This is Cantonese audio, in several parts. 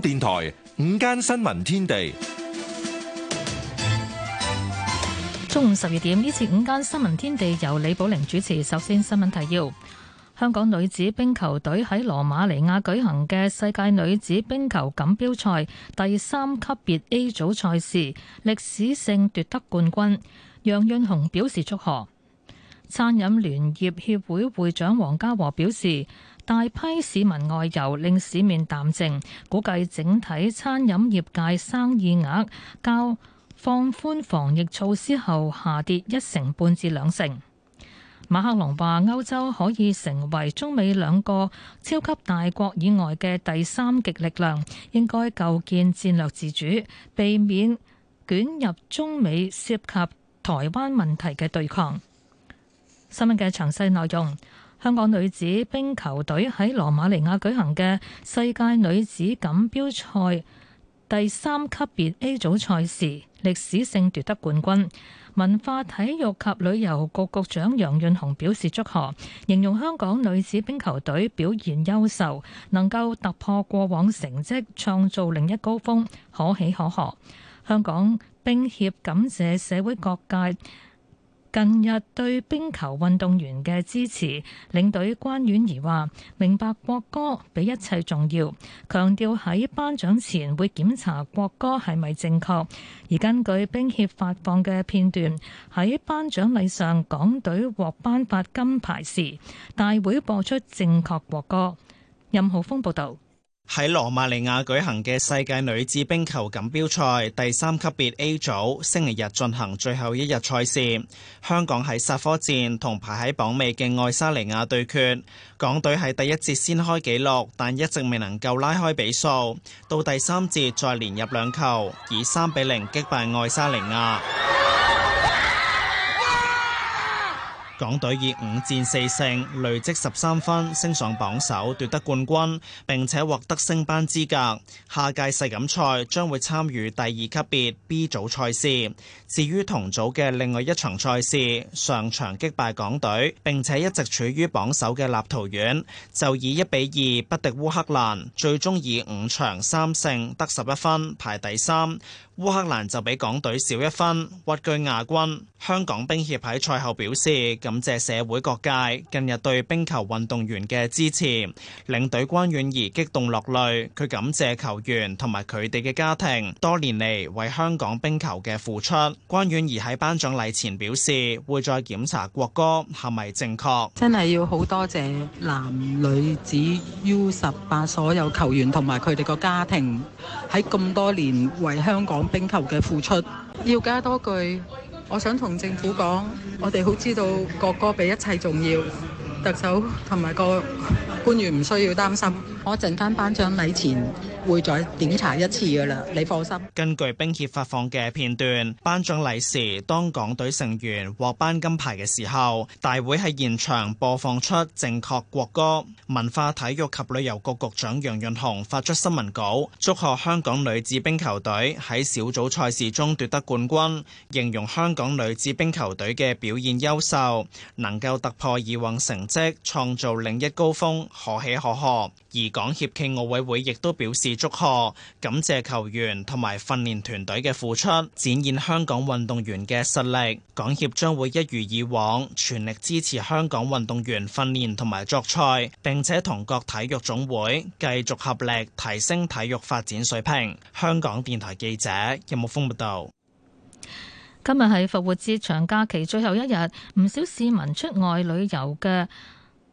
電台午間新聞天地，中午十二點。呢次午間新聞天地由李寶玲主持。首先新聞提要：香港女子冰球隊喺羅馬尼亞舉行嘅世界女子冰球錦標賽第三級別 A 組賽事，歷史性奪得冠軍。楊潤雄表示祝賀。餐飲聯業協會會，會長黃家和表示。大批市民外遊令市面淡靜，估計整體餐飲業界生意額較放寬防疫措施後下跌一成半至兩成。馬克龍話，歐洲可以成為中美兩個超級大國以外嘅第三極力量，應該構建戰略自主，避免捲入中美涉及台灣問題嘅對抗。新聞嘅詳細內容。香港女子冰球隊喺羅馬尼亞舉行嘅世界女子錦標賽第三級別 A 組賽事，歷史性奪得冠軍。文化體育及旅遊局局長楊潤雄表示祝賀，形容香港女子冰球隊表現優秀，能夠突破過往成績，創造另一高峰，可喜可賀。香港冰協感謝社會各界。近日對冰球運動員嘅支持，領隊關婉兒話：明白國歌比一切重要，強調喺頒獎前會檢查國歌係咪正確。而根據冰協發放嘅片段，喺頒獎禮上港隊獲頒發金牌時，大會播出正確國歌。任浩峰報導。喺羅馬尼亞舉行嘅世界女子冰球錦標賽第三級別 A 組星期日進行最後一日賽事，香港喺煞科戰同排喺榜尾嘅愛沙尼亞對決，港隊喺第一節先開紀錄，但一直未能夠拉開比數，到第三節再連入兩球，以三比零擊敗愛沙尼亞。港隊以五戰四勝累積十三分，升上榜首，奪得冠軍，並且獲得升班資格。下屆世錦賽將會參與第二級別 B 組賽事。至於同組嘅另外一場賽事，上場擊敗港隊，並且一直處於榜首嘅立陶宛，就以一比二不敵烏克蘭，最終以五場三勝得十一分排第三。烏克蘭就比港隊少一分，屈居亞軍，香港冰協喺賽後表示。感謝社會各界近日對冰球運動員嘅支持，領隊關婉儀激動落淚。佢感謝球員同埋佢哋嘅家庭多年嚟為香港冰球嘅付出。關婉儀喺頒獎禮前表示，會再檢查國歌係咪正確。真係要好多謝男女子 U 十八所有球員同埋佢哋個家庭喺咁多年為香港冰球嘅付出。要加多句。我想同政府講，我哋好知道國歌比一切重要，特首同埋個官員唔需要擔心。我陣間頒獎禮前會再檢查一次㗎啦，你放心。根據冰協發放嘅片段，頒獎禮時，當港隊成員獲頒金牌嘅時候，大會喺現場播放出正確國歌。文化體育及旅遊局局長楊潤雄發出新聞稿，祝賀香港女子冰球隊喺小組賽事中奪得冠軍，形容香港女子冰球隊嘅表現優秀，能夠突破以往成績，創造另一高峰，可喜可賀。而港協暨奧委會亦都表示祝賀，感謝球員同埋訓練團隊嘅付出，展現香港運動員嘅實力。港協將會一如以往，全力支持香港運動員訓練同埋作賽，並且同各體育總會繼續合力提升體育發展水平。香港電台記者任木峰報道。有有今日係復活節長假期最後一日，唔少市民出外旅遊嘅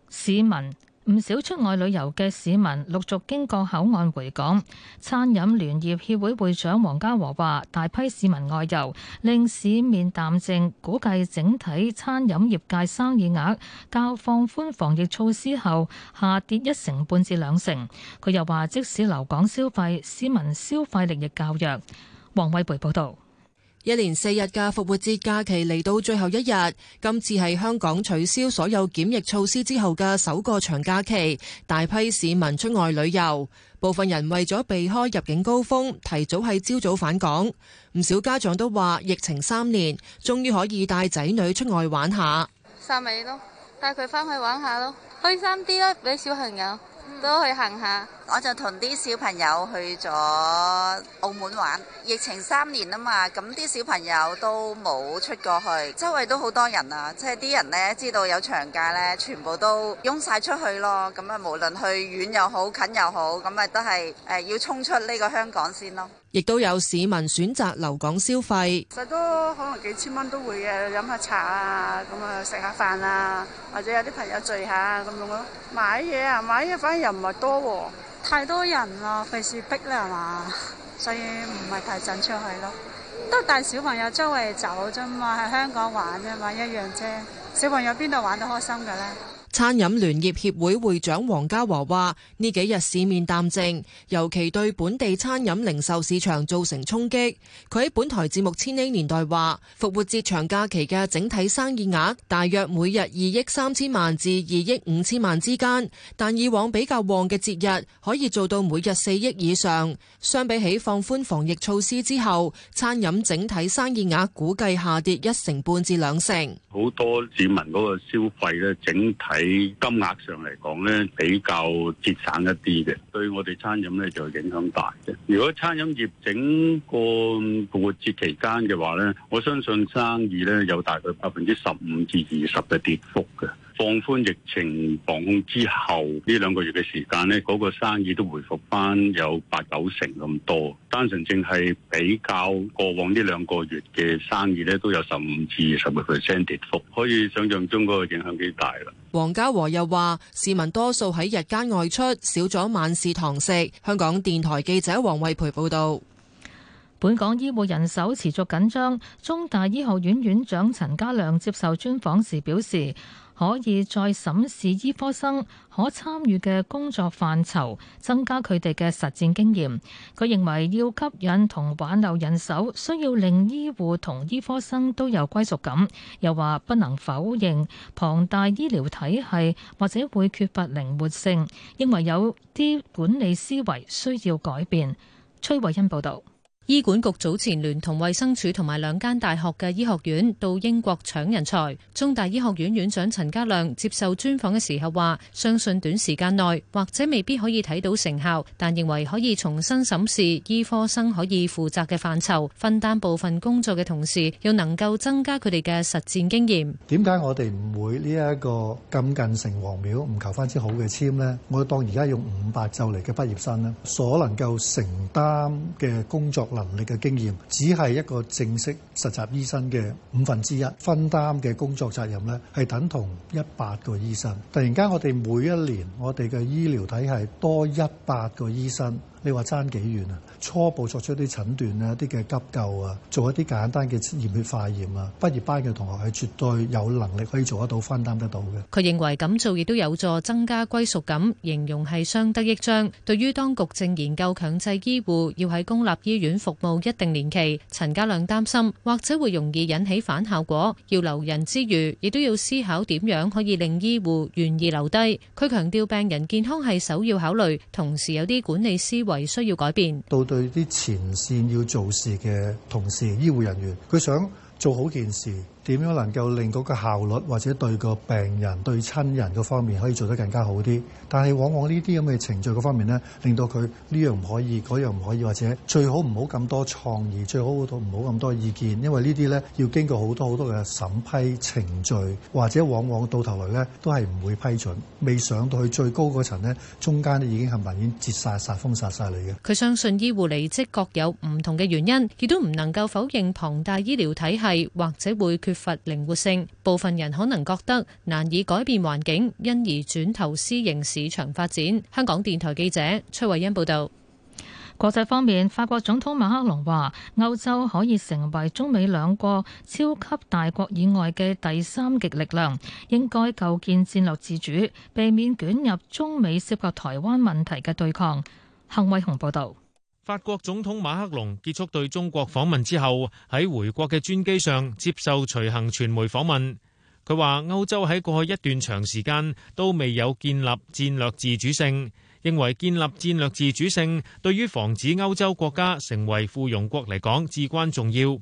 市民，唔少出外旅遊嘅市民陸續經過口岸回港，餐飲聯業協會會長黃家和話：大批市民外遊，令市面淡靜，估計整體餐飲業界生意額較放寬防疫措施後下跌一成半至兩成。佢又話：即使留港消費，市民消費力亦較弱。黃偉培報導。一連四日嘅復活節假期嚟到最後一日，今次係香港取消所有檢疫措施之後嘅首個長假期，大批市民出外旅遊，部分人為咗避開入境高峰，提早係朝早返港。唔少家長都話，疫情三年，終於可以帶仔女出外玩下。三尾咯，帶佢返去玩下咯，開心啲咯，俾小朋友都去行下。我就同啲小朋友去咗澳門玩。疫情三年啊嘛，咁啲小朋友都冇出過去，周圍都好多人啊。即係啲人咧知道有長假咧，全部都湧晒出去咯。咁啊，無論去遠又好，近又好，咁啊都係誒要衝出呢個香港先咯。亦都有市民選擇留港消費，其實都可能幾千蚊都會嘅，飲下茶啊，咁啊食下飯啊，或者有啲朋友聚下咁樣咯。買嘢啊，買嘢，反而又唔係多喎。太多人啦，費事逼啦係嘛，所以唔係太準出去咯，都帶小朋友周圍走啫嘛，喺香港玩啫嘛，一樣啫，小朋友邊度玩得開心嘅啦～餐飲聯業協會會長黃家和話：呢幾日市面淡靜，尤其對本地餐飲零售市場造成衝擊。佢喺本台節目《千禧年代》話，復活節長假期嘅整體生意額大約每日二億三千萬至二億五千萬之間，但以往比較旺嘅節日可以做到每日四億以上。相比起放寬防疫措施之後，餐飲整體生意額估計下跌一成半至兩成。好多市民嗰個消費咧，整體金額上嚟講咧，比較節省一啲嘅，對我哋餐飲咧就影響大嘅。如果餐飲業整個過節期間嘅話咧，我相信生意咧有大概百分之十五至二十嘅跌幅嘅。放寬疫情防控之後，呢兩個月嘅時間呢，嗰個生意都回復翻有八九成咁多。單純淨係比較過往呢兩個月嘅生意呢，都有十五至十二個 percent 跌幅，可以想象中嗰個影響幾大啦。黃家和又話，市民多數喺日間外出，少咗晚市堂食。香港電台記者王惠培報道。本港醫護人手持續緊張，中大醫學院院長陳家亮接受專訪時表示，可以再審視醫科生可參與嘅工作範疇，增加佢哋嘅實戰經驗。佢認為要吸引同挽留人手，需要令醫護同醫科生都有歸屬感。又話不能否認龐大醫療體系或者會缺乏靈活性，認為有啲管理思維需要改變，崔慧欣報道。醫管局早前聯同衛生署同埋兩間大學嘅醫學院到英國搶人才。中大醫學院院長陳家亮接受專訪嘅時候話，相信短時間內或者未必可以睇到成效，但認為可以重新審視醫科生可以負責嘅範疇，分擔部分工作嘅同時，又能夠增加佢哋嘅實戰經驗。點解我哋唔會呢一個咁近城隍廟唔求翻支好嘅簽呢？我當而家用五百就嚟嘅畢業生啦，所能夠承擔嘅工作。能力嘅經驗，只係一個正式實習醫生嘅五分之一，分擔嘅工作責任呢，係等同一百個醫生。突然間，我哋每一年，我哋嘅醫療體系多一百個醫生。你話爭幾遠啊？初步作出啲診斷咧、啊，啲嘅急救啊，做一啲簡單嘅驗血化驗啊，畢業班嘅同學係絕對有能力可以做得到分擔得到嘅。佢認為咁做亦都有助增加歸屬感，形容係相得益彰。對於當局正研究強制醫護要喺公立醫院服務一定年期，陳家亮擔心或者會容易引起反效果。要留人之餘，亦都要思考點樣可以令醫護願意留低。佢強調病人健康係首要考慮，同時有啲管理思維。為需要改變到對啲前線要做事嘅同事、醫護人員，佢想做好件事。點樣能夠令嗰個效率或者對個病人、對親人嗰方面可以做得更加好啲？但係往往呢啲咁嘅程序嗰方面呢，令到佢呢樣唔可以，嗰樣唔可以，或者最好唔好咁多創意，最好都唔好咁多意見，因為呢啲呢，要經過好多好多嘅審批程序，或者往往到頭來呢，都係唔會批准，未上到去最高嗰層呢，中間已經係明顯截曬殺封殺晒你嘅。佢相信醫護離職各有唔同嘅原因，亦都唔能夠否認龐大醫療體系或者會缺。缺乏靈活性，部分人可能覺得難以改變環境，因而轉投私營市場發展。香港電台記者崔慧欣報道。國際方面，法國總統馬克龍話歐洲可以成為中美兩國超級大國以外嘅第三極力量，應該構建戰略自主，避免捲入中美涉及台灣問題嘅對抗。幸偉雄報道。法國總統馬克龍結束對中國訪問之後，喺回國嘅專機上接受隨行傳媒訪問。佢話歐洲喺過去一段長時間都未有建立戰略自主性，認為建立戰略自主性對於防止歐洲國家成為附庸國嚟講至關重要。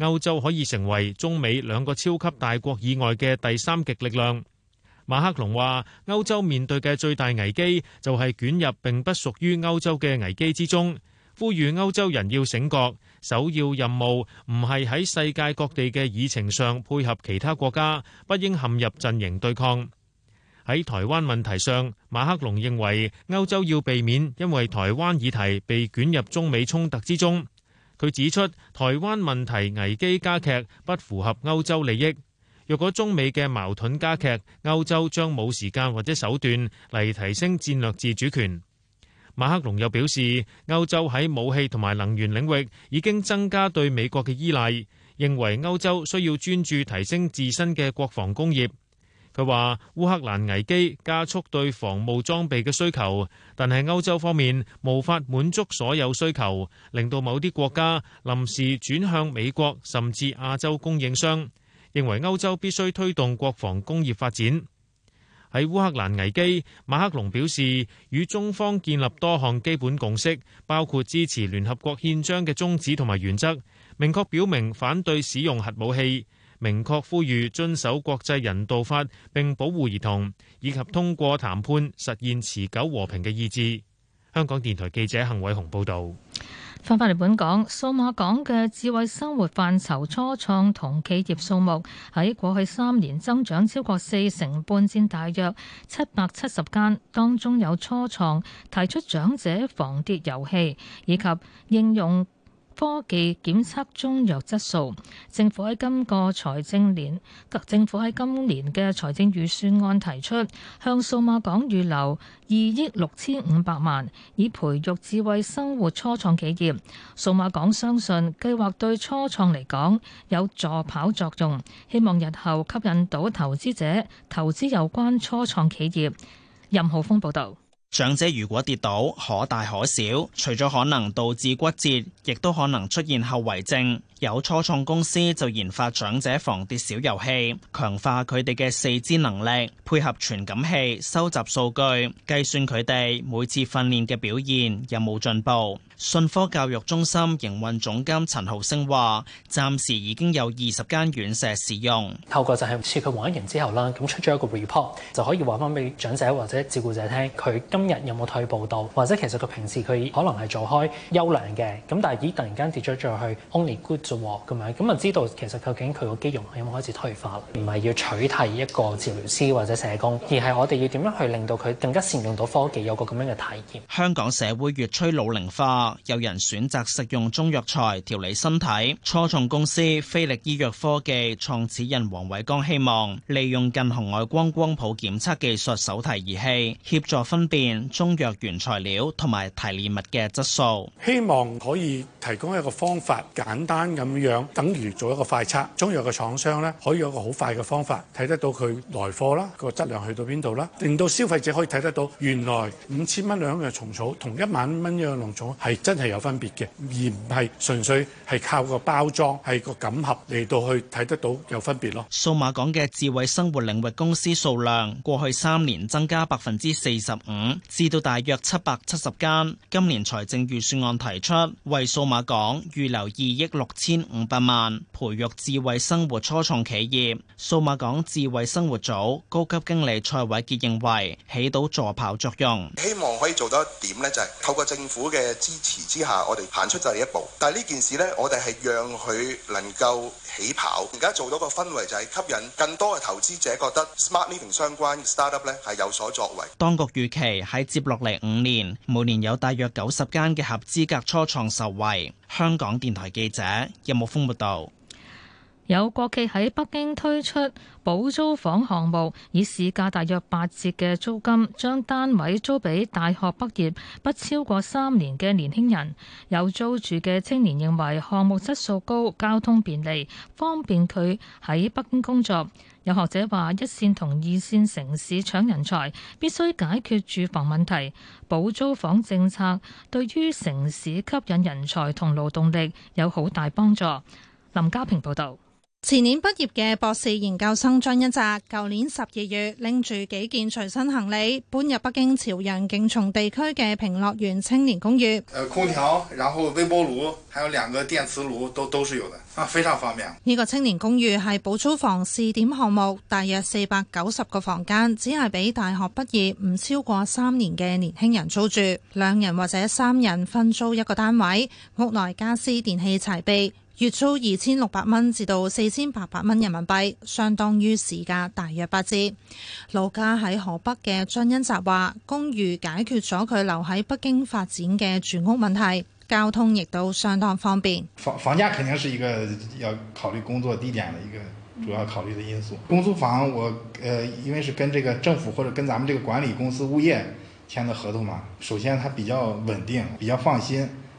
歐洲可以成為中美兩個超級大國以外嘅第三極力量。馬克龍話歐洲面對嘅最大危機就係捲入並不屬於歐洲嘅危機之中。呼籲歐洲人要醒覺，首要任務唔係喺世界各地嘅議程上配合其他國家，不應陷入陣營對抗。喺台灣問題上，馬克龍認為歐洲要避免因為台灣議題被捲入中美衝突之中。佢指出，台灣問題危機加劇，不符合歐洲利益。若果中美嘅矛盾加劇，歐洲將冇時間或者手段嚟提升戰略自主權。馬克龍又表示，歐洲喺武器同埋能源領域已經增加對美國嘅依賴，認為歐洲需要專注提升自身嘅國防工業。佢話烏克蘭危機加速對防務裝備嘅需求，但係歐洲方面無法滿足所有需求，令到某啲國家臨時轉向美國甚至亞洲供應商，認為歐洲必須推動國防工業發展。喺烏克蘭危機，馬克龍表示，與中方建立多項基本共識，包括支持聯合國憲章嘅宗旨同埋原則，明確表明反對使用核武器，明確呼籲遵守國際人道法並保護兒童，以及通過談判實現持久和平嘅意志。香港電台記者幸偉雄報導。翻返嚟本港，數碼港嘅智慧生活範疇初創同企業數目喺過去三年增長超過四成半，佔大約七百七十間。當中有初創提出長者防跌遊戲以及應用。科技檢測中藥質素。政府喺今個財政年，及政府喺今年嘅財政預算案提出，向數碼港預留二億六千五百萬，以培育智慧生活初創企業。數碼港相信計劃對初創嚟講有助跑作用，希望日後吸引到投資者投資有關初創企業。任浩峰報導。長者如果跌倒，可大可小，除咗可能導致骨折，亦都可能出現後遺症。有初創公司就研發長者防跌小遊戲，強化佢哋嘅四肢能力，配合傳感器收集數據，計算佢哋每次訓練嘅表現有冇進步。信科教育中心營運總監陳浩升話，暫時已經有二十間院舍使用。透過就係好似佢玩完之後啦，咁出咗一個 report，就可以話翻俾長者或者照顧者聽，佢今日有冇退步到，或者其實佢平時佢可能係做開優良嘅，咁但係咦突然間跌咗咗去 only good。咁樣咁啊，知道其實究竟佢個肌肉係咪開始退化啦？唔係要取替一個治療師或者社工，而係我哋要點樣去令到佢更加善用到科技，有個咁樣嘅體驗。香港社會越趨老齡化，有人選擇食用中藥材調理身體。初創公司菲力醫藥科技創始人黃偉剛希望利用近紅外光光譜檢測技術手提儀器，協助分辨中藥原材料同埋提煉物嘅質素。希望可以提供一個方法簡單。咁樣等於做一個快測。中藥嘅廠商咧，可以有個好快嘅方法，睇得到佢來貨啦，個質量去到邊度啦，令到消費者可以睇得到，原來五千蚊兩樣蟲草同一萬蚊一樣農草係真係有分別嘅，而唔係純粹係靠個包裝係個錦盒嚟到去睇得到有分別咯。數碼港嘅智慧生活領域公司數量過去三年增加百分之四十五，至到大約七百七十間。今年財政預算案提出為數碼港預留二億六千。千五百萬培育智慧生活初創企業，數碼港智慧生活組高級經理蔡偉傑認為起到助跑作用。希望可以做到一點呢，就係透過政府嘅支持之下，我哋行出就係一步。但係呢件事呢，我哋係讓佢能夠起跑。而家做到個氛圍就係吸引更多嘅投資者，覺得 smart living 相關 startup 咧係有所作為。當局預期喺接落嚟五年，每年有大約九十間嘅合資格初創受惠。香港電台記者。有目共睹，有國企喺北京推出補租房項目，以市價大約八折嘅租金，將單位租俾大學畢業不超過三年嘅年輕人。有租住嘅青年認為項目質素高，交通便利，方便佢喺北京工作。有學者話：一線同二線城市搶人才，必須解決住房問題。補租房政策對於城市吸引人才同勞動力有好大幫助。林家平報導。前年畢業嘅博士研究生張恩澤，舊年十二月拎住幾件隨身行李，搬入北京朝陽勁松地區嘅平樂園青年公寓。空調，然後微波爐，還有兩個電磁爐，都都是有的啊，非常方便。呢個青年公寓係保租房試點項目，大約四百九十個房間，只係俾大學畢業唔超過三年嘅年輕人租住，兩人或者三人分租一個單位，屋內家私電器齊備。月租二千六百蚊至到四千八百蚊人民幣，相當於市價大約八折。老家喺河北嘅張恩澤話：公寓解決咗佢留喺北京發展嘅住屋問題，交通亦都相當方便。房房價肯定是一個要考慮工作地點嘅一個主要考慮的因素。公租房我，呃，因為是跟這個政府或者跟咱們這個管理公司、物業簽嘅合同嘛，首先它比較穩定，比較放心。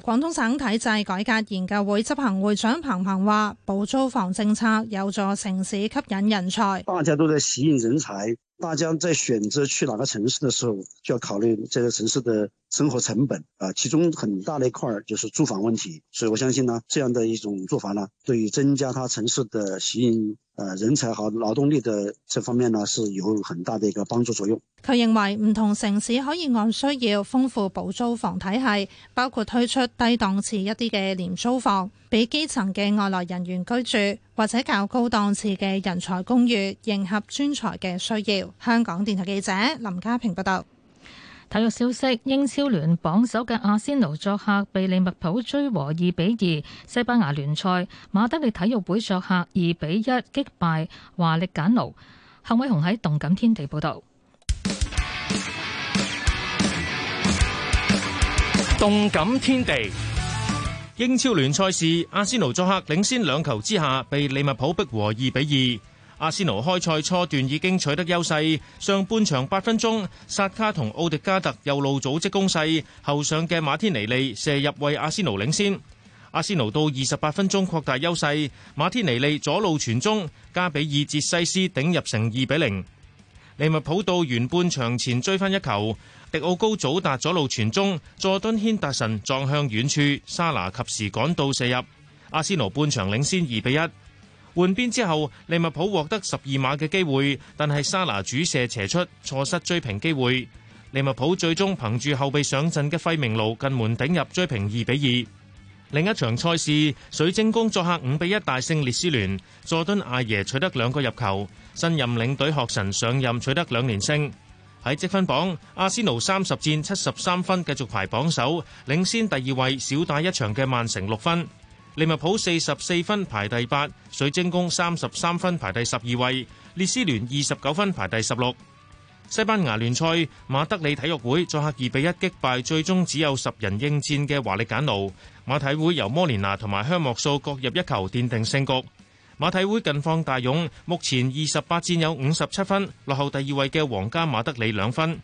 廣東省體制改革研究會執行會長彭鵬話，保租房政策有助城市吸引人才。大家都係吸引人才，大家在選擇去哪個城市的時候，就要考慮這個城市的。生活成本啊，其中很大的一塊就是住房問題，所以我相信呢，這樣的一種做法呢，對於增加他城市的吸引，呃，人才和勞動力的這方面呢，是有很大的一個幫助作用。佢認為唔同城市可以按需要豐富保租房體系，包括推出低檔次一啲嘅廉租房俾基層嘅外來人員居住，或者較高檔次嘅人才公寓迎合專才嘅需要。香港電台記者林家平報道。體育消息：英超聯榜首嘅阿仙奴作客被利物浦追和二比二，西班牙聯賽馬德里體育會作客二比一擊敗華力簡奴。侯偉雄喺動感天地報道。動感天地，天地英超聯賽是阿仙奴作客領先兩球之下被利物浦逼和二比二。阿仙奴開賽初段已經取得優勢，上半場八分鐘，薩卡同奧迪加特右路組織攻勢，後上嘅馬天尼利射入為阿仙奴領先。阿仙奴到二十八分鐘擴大優勢，馬天尼利左路傳中，加比爾捷西斯頂入成二比零。利物浦到完半場前追翻一球，迪奧高祖達左路傳中，佐敦軒達臣撞向遠處，沙拿及時趕到射入，阿仙奴半場領先二比一。換邊之後，利物浦獲得十二碼嘅機會，但係沙拿主射斜出，錯失追平機會。利物浦最終憑住後備上陣嘅費明路近門頂入追平二比二。另一場賽事，水晶宮作客五比一大勝列斯聯，佐敦阿爺取得兩個入球，新任領隊學神上任取得兩連勝。喺積分榜，阿仙奴三十戰七十三分，繼續排榜首，領先第二位少打一場嘅曼城六分。利物浦四十四分排第八，水晶宮三十三分排第十二位，列斯聯二十九分排第十六。西班牙聯賽，馬德里體育會作客二比一擊敗最終只有十人應戰嘅華力簡奴。馬體會由摩連拿同埋香莫素各入一球奠定勝局。馬體會近況大勇，目前二十八戰有五十七分，落後第二位嘅皇家馬德里兩分。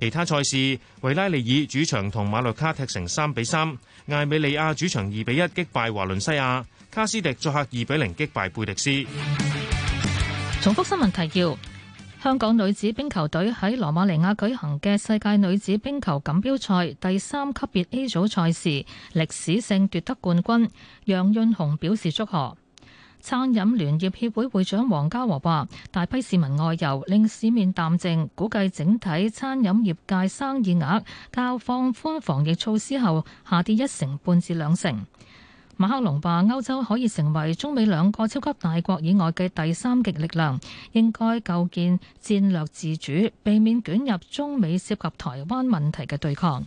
其他賽事，維拉利爾主場同馬略卡踢成三比三，艾美利亞主場二比一擊敗華倫西亞，卡斯迪作客二比零擊敗貝迪斯。重複新聞提要：香港女子冰球隊喺羅馬尼亞舉行嘅世界女子冰球錦標賽第三級別 A 組賽事，歷史性奪得冠軍。楊潤雄表示祝賀。餐飲聯業協會會長黃家和話：大批市民外遊，令市面淡靜，估計整體餐飲業界生意額較放寬防疫措施後下跌一成半至兩成。馬克龍話：歐洲可以成為中美兩個超級大國以外嘅第三極力量，應該構建戰略自主，避免捲入中美涉及台灣問題嘅對抗。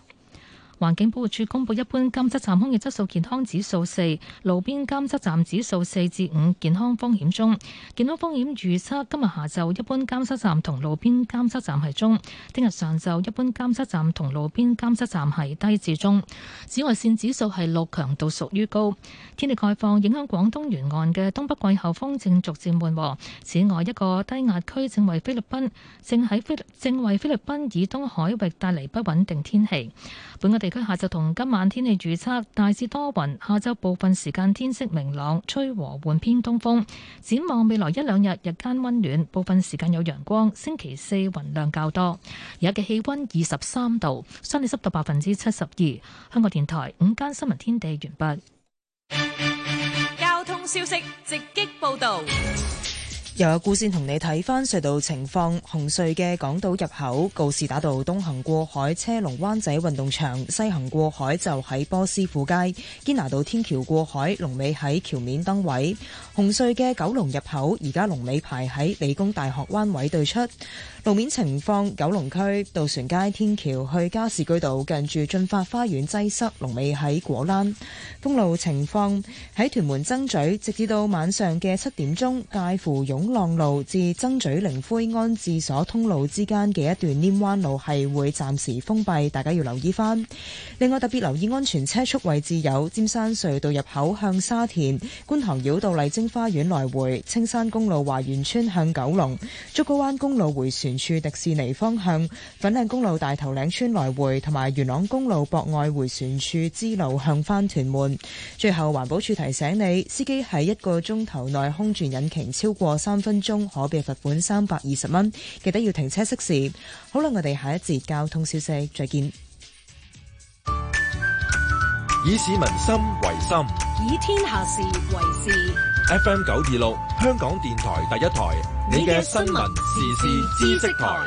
環境保護署公布，一般監測站空氣質素健康指數四，路邊監測站指數四至五，健康風險中。健康風險預測，今日下晝一般監測站同路邊監測站係中，聽日上晝一般監測站同路邊監測站係低至中。紫外線指數係六，強度屬於高。天氣概況，影響廣東沿岸嘅東北季候風正逐漸緩和，此外一個低壓區正為菲律賓正喺菲律正為菲律賓以東海域帶嚟不穩定天氣。本港地佢下晝同今晚天氣預測，大致多雲，下晝部分時間天色明朗，吹和緩偏東風。展望未來一兩日，日間溫暖，部分時間有陽光。星期四雲量較多。而家嘅氣溫二十三度，相對濕度百分之七十二。香港電台午間新聞天地完畢。交通消息直擊報道。又有故線同你睇翻隧道情況。紅隧嘅港島入口告士打道東行過海車龍灣仔運動場，西行過海就喺波斯富街堅拿道天橋，過海龍尾喺橋面燈位。紅隧嘅九龍入口而家龍尾排喺理工大學灣位對出，路面情況，九龍區渡船街天橋去加士居道近住進發花園擠塞，龍尾喺果欄。公路情況喺屯門增咀，直至到晚上嘅七點鐘介乎擁。港浪路至曾咀靈灰安置所通路之間嘅一段黏彎路係會暫時封閉，大家要留意翻。另外特別留意安全車速位置，有尖山隧道入口向沙田、觀塘繞道麗晶花園來回、青山公路華園村向九龍、竹篙灣公路回旋處迪士尼方向、粉嶺公路大頭嶺村來回同埋元朗公路博愛回旋處支路向返屯門。最後環保署提醒你，司機喺一個鐘頭內空轉引擎超過三。三分鐘可被罰款三百二十蚊，記得要停車熄匙。好啦，我哋下一節交通消息再見。以市民心為心，以天下事為事。F M 九二六，香港電台第一台，你嘅新聞時事知識台。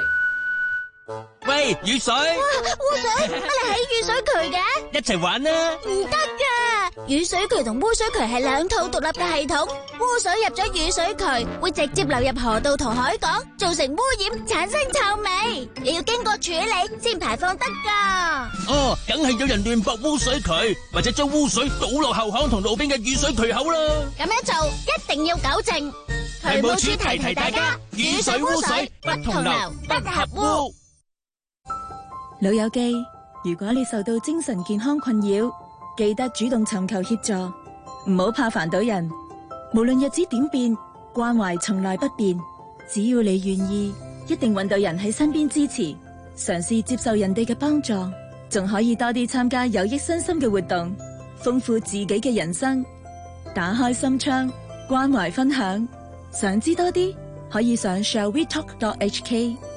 喂，雨水，污水，乜你喺雨水渠嘅？一齊玩啊，唔得嘅。雨水渠同污水渠係兩套獨立嘅系統，污水入咗雨水渠會直接流入河道同海港，造成污染產生臭味，又要經過處理先排放得㗎。哦，梗係有人亂駁污水渠，或者將污水倒落後巷同路邊嘅雨水渠口啦。咁樣做一定要糾正，渠務署提提大家，雨水污水不同流，不合污。老友記，如果你受到精神健康困擾，記得主動尋求協助，唔好怕煩到人。無論日子點變，關懷從來不變。只要你願意，一定揾到人喺身邊支持。嘗試接受人哋嘅幫助，仲可以多啲參加有益身心嘅活動，豐富自己嘅人生。打開心窗，關懷分享，想知多啲，可以上 shall we talk dot hk。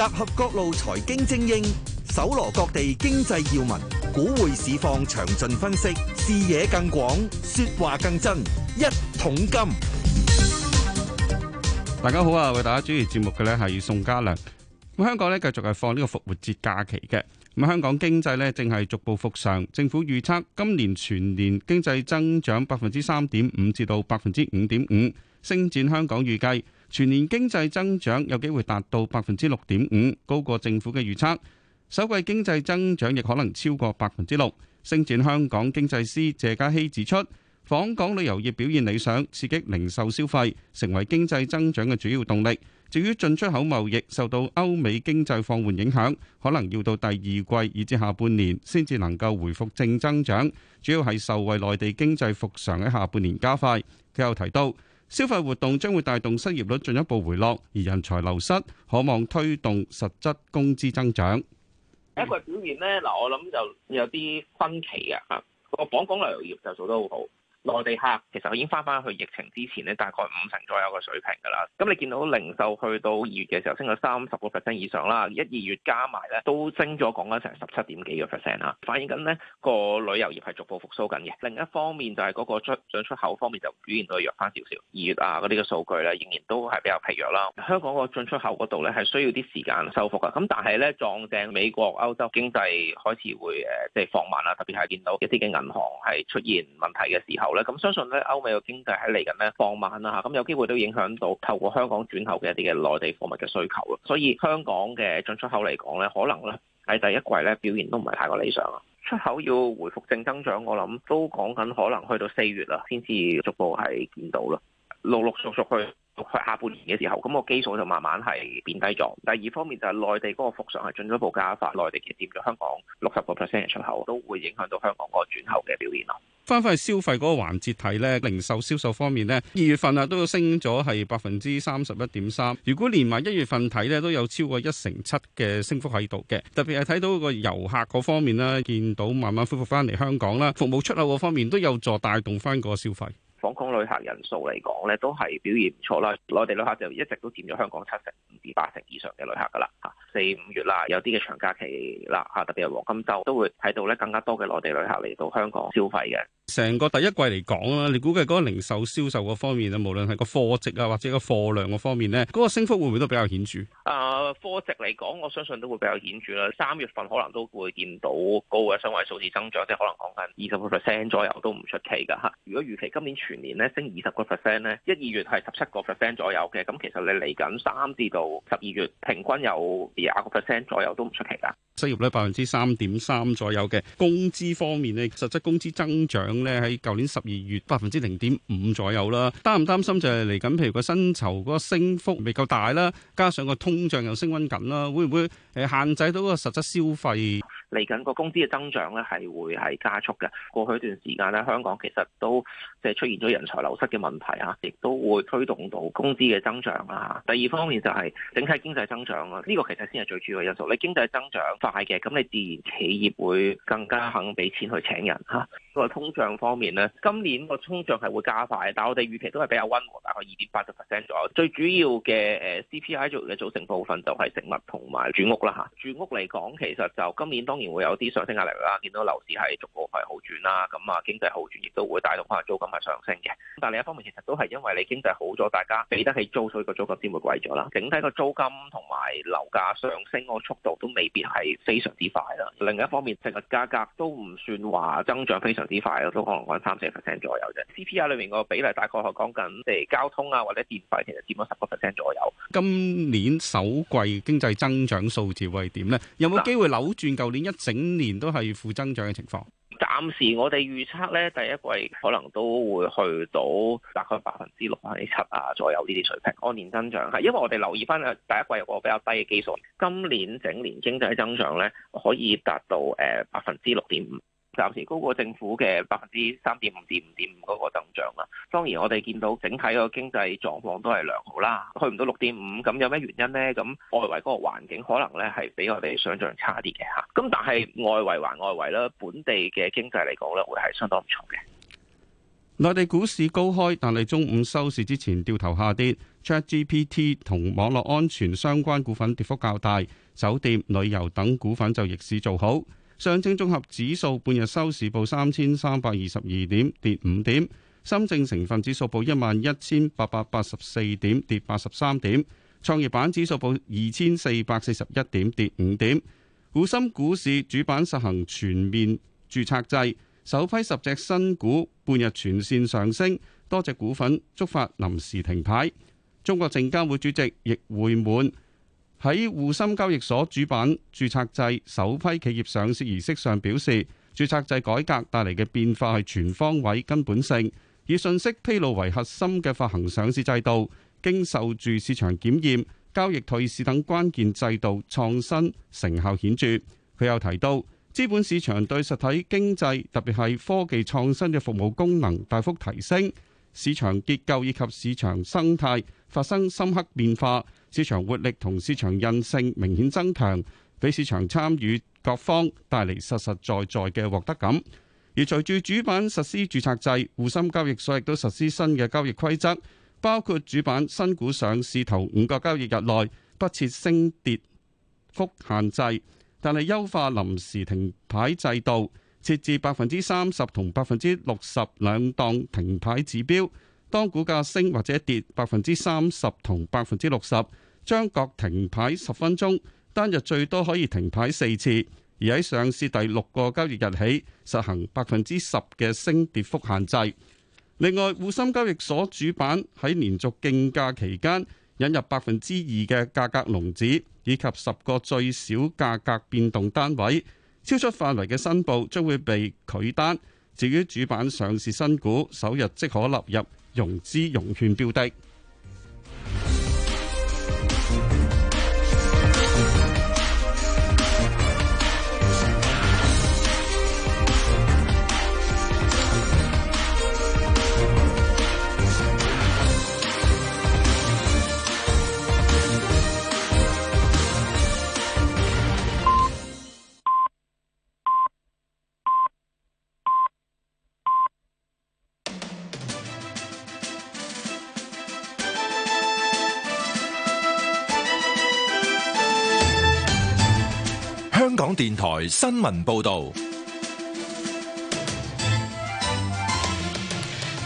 集合各路財經精英，搜羅各地經濟要聞，股匯市況詳盡分析，視野更廣，說話更真，一桶金。大家好啊，為大家主持節目嘅呢係宋家良。咁香港呢繼續係放呢個復活節假期嘅。咁香港經濟呢正係逐步復常，政府預測今年全年經濟增長百分之三點五至到百分之五點五。星展香港預計。全年經濟增長有機會達到百分之六點五，高過政府嘅預測。首季經濟增長亦可能超過百分之六。星展香港經濟師謝家熙指出，訪港旅遊業表現理想，刺激零售消費，成為經濟增長嘅主要動力。至於進出口貿易受到歐美經濟放緩影響，可能要到第二季以至下半年先至能夠回復正增長。主要係受惠內地經濟復常喺下半年加快。佢又提到。消費活動將會帶動失業率進一步回落，而人才流失可望推動實質工資增長。一個表現呢，嗱，我諗就有啲分歧嘅吓，個訪港旅遊業就做得好好。內地客其實已經翻翻去疫情之前咧，大概五成左右嘅水平㗎啦。咁你見到零售去到二月嘅時候升咗三十個 percent 以上啦，一、二月加埋咧都升咗講緊成十七點幾個 percent 啦。反映緊咧，個旅遊業係逐步復甦緊嘅。另一方面就係嗰個進出口方面就表現到弱翻少少。二月啊嗰啲嘅數據咧仍然都係比較疲弱啦。香港個進出口嗰度咧係需要啲時間收復㗎。咁但係咧，撞正美國、歐洲經濟開始會誒即係放慢啦，特別係見到一啲嘅銀行係出現問題嘅時候咁相信咧，歐美嘅經濟喺嚟緊咧放慢啦吓，咁有機會都影響到透過香港轉口嘅一啲嘅內地貨物嘅需求啊，所以香港嘅進出口嚟講咧，可能咧喺第一季咧表現都唔係太過理想啊。出口要回復正增長，我諗都講緊可能去到四月啦，先至逐步係見到咯，陸陸續續去。去下半年嘅時候，咁個基礎就慢慢係變低咗。第二方面就係內地嗰個復常係進咗步加快，內地佔咗香港六十個 percent 嘅出口，都會影響到香港個轉口嘅表現咯。翻返去消費嗰個環節睇呢，零售銷售方面呢，二月份啊都有升咗係百分之三十一點三。如果連埋一月份睇呢，都有超過一成七嘅升幅喺度嘅。特別係睇到個遊客嗰方面啦，見到慢慢恢復翻嚟香港啦，服務出口嗰方面都有助帶動翻個消費。訪港旅客人數嚟講咧，都係表現唔錯啦。內地旅客就一直都佔咗香港七成甚至八成，七成五至八成以上嘅旅客噶啦。嚇，四五月啦，有啲嘅長假期啦，嚇，特別係黃金週都會睇到咧更加多嘅內地旅客嚟到香港消費嘅。成個第一季嚟講啦，你估計嗰個零售銷售嗰方面啊，無論係個貨值啊或者個貨量嗰方面咧，嗰個升幅會唔會都比較顯著？啊、呃，貨值嚟講，我相信都會比較顯著啦。三月份可能都會見到高嘅雙位數字增長，即係可能講緊二十個 percent 左右都唔出奇噶吓。如果預期今年全年咧升二十個 percent 咧，一二月係十七個 percent 左右嘅，咁其實你嚟緊三至到十二月平均有廿個 percent 左右都唔出奇噶。失業率百分之三點三左右嘅，工資方面咧，實質工資增長。咧喺舊年十二月百分之零點五左右啦，擔唔擔心就係嚟緊，譬如個薪酬嗰個升幅未夠大啦，加上個通脹又升溫緊啦，會唔會誒限制到個實質消費？嚟緊個工資嘅增長咧，係會係加速嘅。過去一段時間咧，香港其實都即係出現咗人才流失嘅問題啊，亦都會推動到工資嘅增長啊。第二方面就係整體經濟增長啊，呢個其實先係最主要嘅因素。你經濟增長快嘅，咁你自然企業會更加肯俾錢去請人嚇。個通脹方面咧，今年個通脹係會加快，但係我哋預期都係比較溫和，大概二點八個 percent 左右。最主要嘅誒 CPI 做嘅組成部分就係食物同埋住屋啦嚇。住屋嚟講，其實就今年當然會有啲上升壓力啦。見到樓市係逐步係好轉啦，咁啊經濟好轉亦都會帶動可能租金係上升嘅。但另一方面，其實都係因為你經濟好咗，大家俾得起租，所以個租金先會貴咗啦。整體個租金同埋樓價上升個速度都未必係非常之快啦。另一方面，食物價格都唔算話增長非常。啲快都可能揾三四 percent 左右啫。CPI 裏面個比例大概係講緊，即交通啊或者電費，其實佔咗十個 percent 左右。今年首季經濟增長數字會係點呢？有冇機會扭轉舊年一整年都係負增長嘅情況？暫時我哋預測呢，第一季可能都會去到大概百分之六、啊、七啊左右呢啲水平。按年增長係，因為我哋留意翻第一季有個比較低嘅基數。今年整年經濟增長呢，可以達到誒百分之六點五。呃暫時高過政府嘅百分之三點五、五點五嗰個增長啦。當然，我哋見到整體個經濟狀況都係良好啦。去唔到六點五，咁有咩原因呢？咁外圍嗰個環境可能咧係比我哋想象差啲嘅吓。咁但係外圍還外圍啦，本地嘅經濟嚟講咧，會係相當唔錯嘅。內地股市高開，但係中午收市之前掉頭下跌。ChatGPT 同網絡安全相關股份跌幅較大，酒店、旅遊等股份就逆市做好。上證綜合指數半日收市報三千三百二十二點，跌五點；深證成分指數報一萬一千八百八十四點，跌八十三點；創業板指數報二千四百四十一點，跌五點。滬深股市主板實行全面註冊制，首批十隻新股半日全線上升，多隻股份觸發臨時停牌。中國證監會主席易會滿。喺滬深交易所主板注冊制首批企業上市儀式上表示，注冊制改革帶嚟嘅變化係全方位、根本性，以信息披露為核心嘅發行上市制度，經受住市場檢驗、交易退市等關鍵制度創新成效顯著。佢又提到，資本市場對實體經濟，特別係科技創新嘅服務功能大幅提升，市場結構以及市場生態發生深刻變化。市場活力同市場韌性明顯增強，俾市場參與各方帶嚟實實在在嘅獲得感。而隨住主板實施註冊制，滬深交易所亦都實施新嘅交易規則，包括主板新股上市頭五個交易日內不設升跌幅限制，但係優化臨時停牌制度，設置百分之三十同百分之六十兩檔停牌指標。當股價升或者跌百分之三十同百分之六十，將各停牌十分鐘，單日最多可以停牌四次。而喺上市第六個交易日起，實行百分之十嘅升跌幅限制。另外，滬深交易所主板喺連續競價期間，引入百分之二嘅價格籠子，以及十個最小價格變動單位，超出範圍嘅申報將會被拒單。至於主板上市新股，首日即可納入融資融券標的。新聞報道，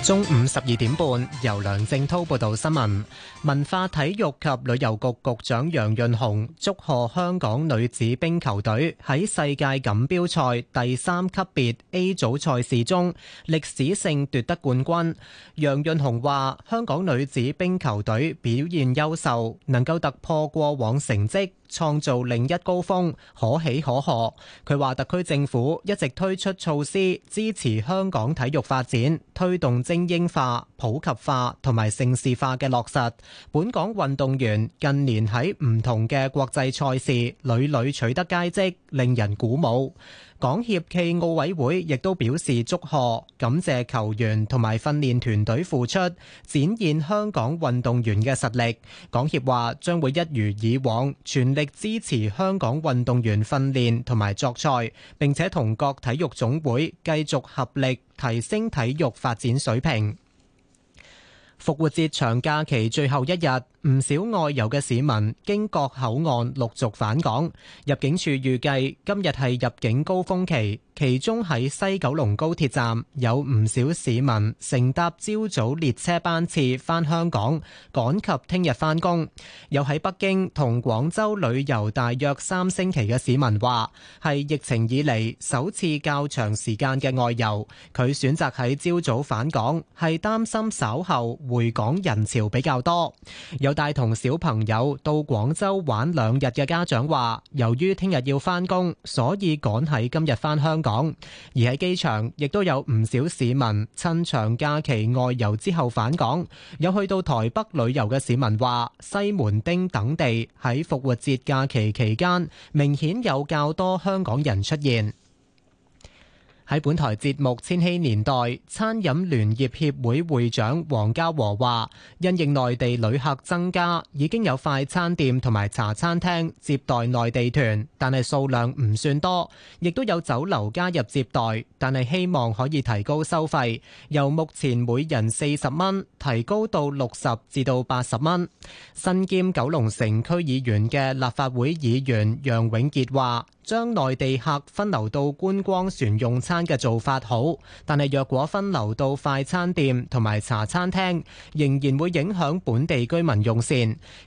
中午十二點半，由梁正濤報道新聞。文化體育及旅遊局局長楊潤雄祝賀香港女子冰球隊喺世界錦標賽第三級別 A 組賽事中歷史性奪得冠軍。楊潤雄話：香港女子冰球隊表現優秀，能夠突破過往成績。創造另一高峰，可喜可賀。佢話：特區政府一直推出措施支持香港體育發展，推動精英化、普及化同埋城市化嘅落實。本港運動員近年喺唔同嘅國際賽事，屢屢取得佳績，令人鼓舞。港協暨奧委會亦都表示祝賀，感謝球員同埋訓練團隊付出，展現香港運動員嘅實力。港協話將會一如以往，全力支持香港運動員訓練同埋作賽，並且同各體育總會繼續合力提升體育發展水平。復活節長假期最後一日，唔少外遊嘅市民經各口岸陸續返港，入境處預計今日係入境高峰期，其中喺西九龍高鐵站有唔少市民乘搭朝早列車班次返香港，趕及聽日返工。有喺北京同廣州旅遊大約三星期嘅市民話，係疫情以嚟首次較長時間嘅外遊，佢選擇喺朝早返港，係擔心稍後回港人潮比較多。有帶同小朋友到廣州玩兩日嘅家長話，由於聽日要返工，所以趕喺今日返香港。而喺機場亦都有唔少市民趁長假期外遊之後返港。有去到台北旅遊嘅市民話，西門町等地喺復活節假期期間明顯有較多香港人出現。喺本台節目《千禧年代》，餐飲聯業協會會長黃家和話，因應內地旅客增加，已經有快餐店同埋茶餐廳接待內地團，但係數量唔算多，亦都有酒樓加入接待，但係希望可以提高收費，由目前每人四十蚊提高到六十至到八十蚊。身兼九龍城區議員嘅立法會議員楊永傑話，將內地客分流到觀光船用餐嘅做法好，但係若果分流到快餐店同埋茶餐廳，仍然會影響本地居民用膳。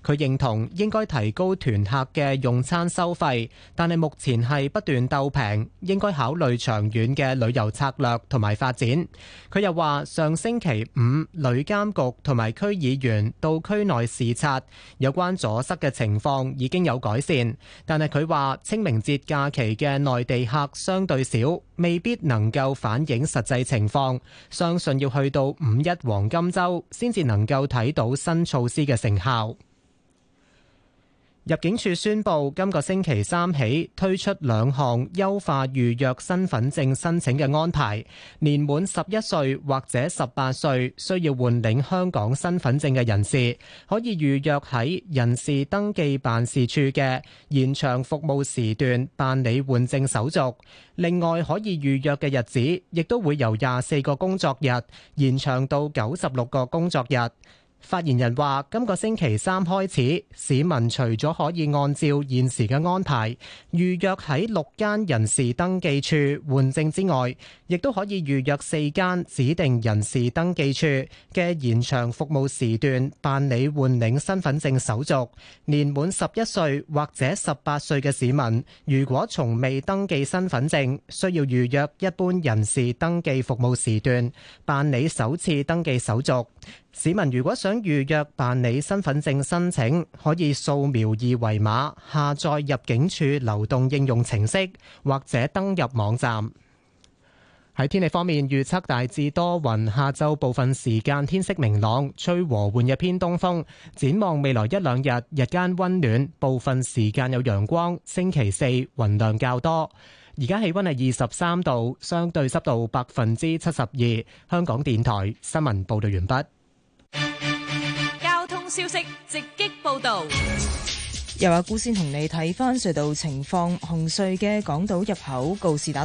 佢認同應該提高團客嘅用餐收費，但係目前係不斷鬥平，應該考慮長遠嘅旅遊策略同埋發展。佢又話，上星期五旅監局同埋區議員到區內視察有關阻塞嘅情況已經有改善，但係佢話清明節假期嘅內地客相對少，未必能夠反映實際情況。相信要去到五一黃金週，先至能夠睇到新措施嘅成效。入境處宣布，今個星期三起推出兩項優化預約身份證申請嘅安排。年滿十一歲或者十八歲需要換領香港身份證嘅人士，可以預約喺人事登記辦事處嘅延長服務時段辦理換證手續。另外，可以預約嘅日子亦都會由廿四個工作日延長到九十六個工作日。發言人話：今個星期三開始，市民除咗可以按照現時嘅安排預約喺六間人事登記處換證之外，亦都可以預約四間指定人事登記處嘅延長服務時段辦理換領身份證手續。年滿十一歲或者十八歲嘅市民，如果從未登記身份證，需要預約一般人事登記服務時段辦理首次登記手續。市民如果想，預約辦理身份證申請，可以掃描二維碼、下載入境處流動應用程式，或者登入網站。喺天氣方面預測大致多雲，下晝部分時間天色明朗，吹和緩嘅偏東風。展望未來一兩日，日間溫暖，部分時間有陽光。星期四雲量較多。而家氣溫係二十三度，相對濕度百分之七十二。香港電台新聞報道完畢。消息直擊報道，由阿姑先同你睇返隧道情況，紅隧嘅港島入口告示打。